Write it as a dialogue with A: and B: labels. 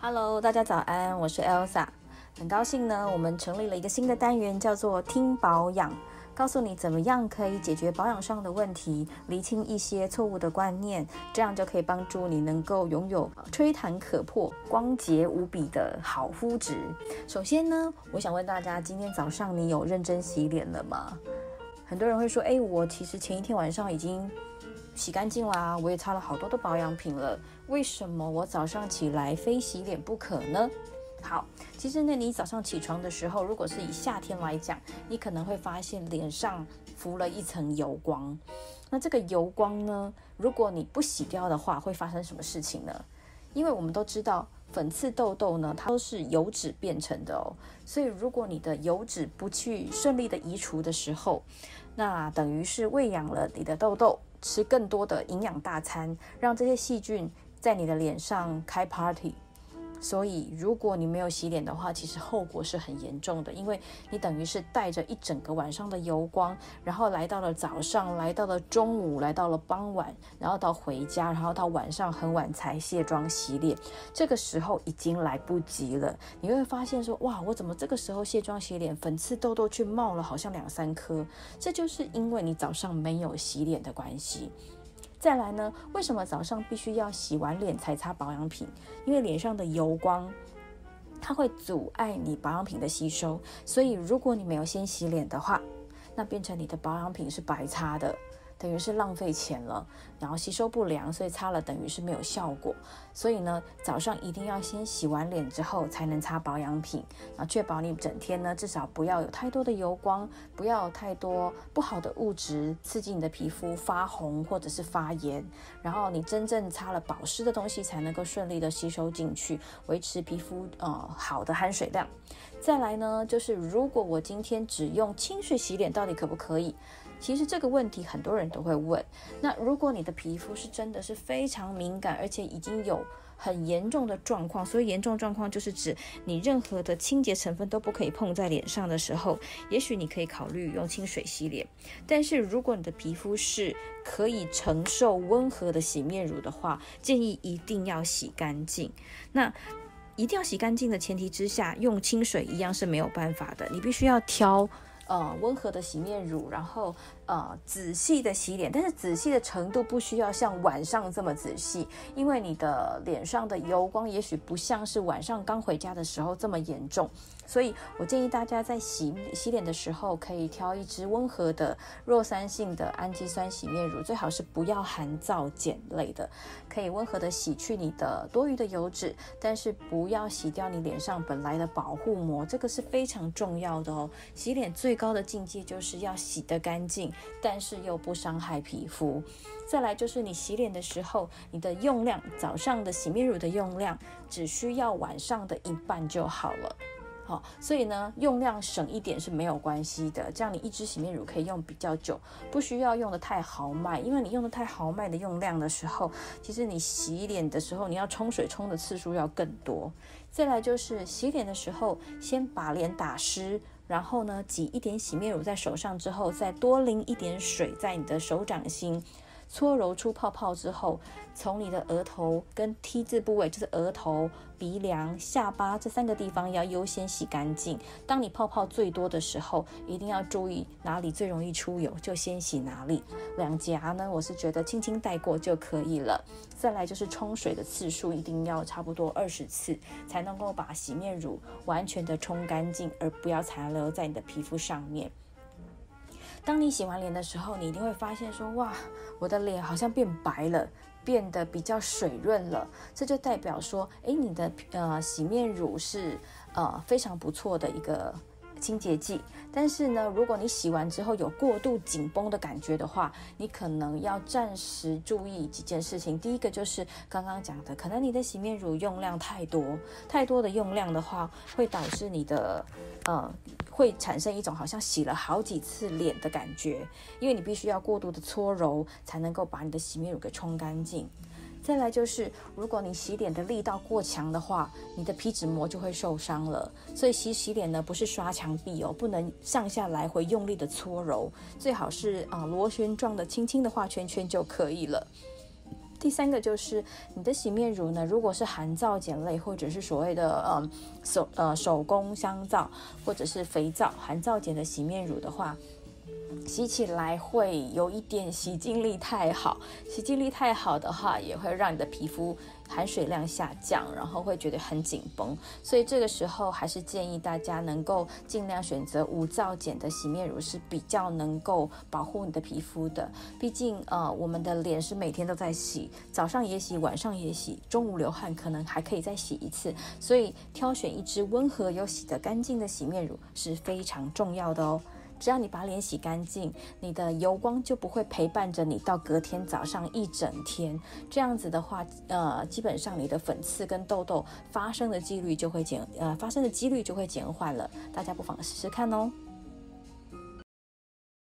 A: Hello，大家早安，我是 Elsa，很高興呢，我們成立了一個新的單元，叫做聽保養。告訴你怎麼樣可以解決保養上的問題，釐清一些錯誤的觀念，這樣就可以幫助你能夠擁有吹彈可破、光潔無比的好膚質。首先呢，我想問大家，今天早上你有認真洗臉了嗎？很多人會說，哎，我其實前一天晚上已經洗乾淨啦，我也擦了好多的保養品了，為什麼我早上起來非洗臉不可呢？好，其實呢，你早上起床的時候，如果是以夏天來講，你可能會發現臉上浮了一層油光。那這個油光呢，如果你不洗掉的話，會發生什麼事情呢？因為我們都知道，粉刺痘痘呢，它都是油脂變成的哦。所以如果你的油脂不去順利的移除的時候，那等於是餵養了你的痘痘，吃更多的營養大餐，讓這些細菌在你的臉上開 party。所以，如果你沒有洗臉的話，其實後果是很嚴重的，因為你等於是帶着一整個晚上的油光，然後來到了早上，來到了中午，來到了傍晚，然後到回家，然後到晚上很晚才卸妝洗臉，這個時候已經來不及了。你會發現說，哇，我怎麼這個時候卸妝洗臉，粉刺痘痘卻冒了，好像兩三顆，這就是因為你早上沒有洗臉的關係。再來呢，為什麼早上必須要洗完臉才擦保養品？因為臉上的油光，它會阻礙你保養品的吸收。所以如果你沒有先洗臉的話，那變成你的保養品是白擦的。等於是浪費錢了，然後吸收不良，所以擦了等於是沒有效果。所以呢，早上一定要先洗完臉之後才能擦保養品，啊，確保你整天呢至少不要有太多的油光，不要有太多不好的物質刺激你的皮膚發紅或者是發炎。然後你真正擦了保濕的東西才能夠順利的吸收進去，維持皮膚呃好的含水量。再來呢，就是如果我今天只用清水洗臉，到底可不可以？其實這個問題很多人都會問。那如果你的皮膚是真的是非常敏感，而且已經有很嚴重的狀況，所以嚴重狀況就是指你任何的清潔成分都不可以碰在臉上的時候，也許你可以考慮用清水洗臉。但是如果你的皮膚是可以承受溫和的洗面乳的話，建議一定要洗乾淨。那一定要洗乾淨的前提之下，用清水一樣是沒有辦法的，你必須要挑。呃，溫和的洗面乳，然後呃，仔細的洗臉，但是仔細的程度不需要像晚上這麼仔細，因為你的臉上的油光也許不像是晚上剛回家的時候這麼嚴重。所以我建議大家在洗洗臉的時候，可以挑一支溫和的弱酸性的氨基酸洗面乳，最好是不要含皂鹼類的，可以溫和的洗去你的多餘的油脂，但是不要洗掉你臉上本來的保護膜，這個是非常重要的哦。洗臉最。最高的境界就是要洗得乾淨，但是又不傷害皮膚。再來就是你洗臉的時候，你的用量，早上的洗面乳的用量只需要晚上的一半就好了。好，所以呢，用量省一點是沒有關係的，這樣你一支洗面乳可以用比較久，不需要用得太豪邁。因為你用得太豪邁的用量的時候，其實你洗臉的時候，你要沖水沖的次數要更多。再來就是洗臉的時候，先把臉打濕。然後呢，擠一點洗面乳在手上之後，再多淋一點水在你的手掌心。搓揉出泡泡之後，從你的額頭跟 T 字部位，就是額頭、鼻梁、下巴這三個地方，要優先洗乾淨。當你泡泡最多的時候，一定要注意哪裡最容易出油，就先洗哪裡。兩頰呢，我是覺得輕輕帶過就可以了。再來就是沖水的次數，一定要差不多二十次，才能夠把洗面乳完全的沖乾淨，而不要殘留在你的皮膚上面。當你洗完臉的時候，你一定會發現說，哇，我的臉好像變白了，變得比較水潤了。這就代表說，誒，你的呃洗面乳是呃非常不錯的一個清潔劑。但是呢，如果你洗完之後有過度緊繃的感覺的話，你可能要暫時注意幾件事情。第一個就是剛剛講的，可能你的洗面乳用量太多，太多的用量的話會導致你的呃……會產生一種好像洗了好幾次臉的感覺，因為你必須要過度的搓揉才能夠把你的洗面乳給沖乾淨。再來就是，如果你洗臉的力道過強的話，你的皮脂膜就會受傷了。所以洗洗臉呢，不是刷牆壁哦，不能上下來回用力的搓揉，最好是啊，嗯，螺旋狀的輕輕的畫圈圈就可以了。第三個就是你的洗面乳呢，如果是含皂鹼類，或者是所謂的嗯、呃、手呃手工香皂或者是肥皂含皂鹼的洗面乳的話。洗起來會有一點洗淨力太好，洗淨力太好的話，也會讓你的皮膚含水量下降，然後會覺得很緊繃。所以這個時候還是建議大家能夠盡量選擇無皂鹼的洗面乳是比較能夠保護你的皮膚的。畢竟，呃，我們的臉是每天都在洗，早上也洗，晚上也洗，中午流汗可能還可以再洗一次。所以，挑選一支溫和又洗得乾淨的洗面乳是非常重要的哦。只要你把臉洗乾淨，你的油光就不會陪伴着你到隔天早上一整天。這樣子的話，呃，基本上你的粉刺跟痘痘發生的幾率就會減，呃，發生的幾率就會減緩了。大家不妨試試看哦。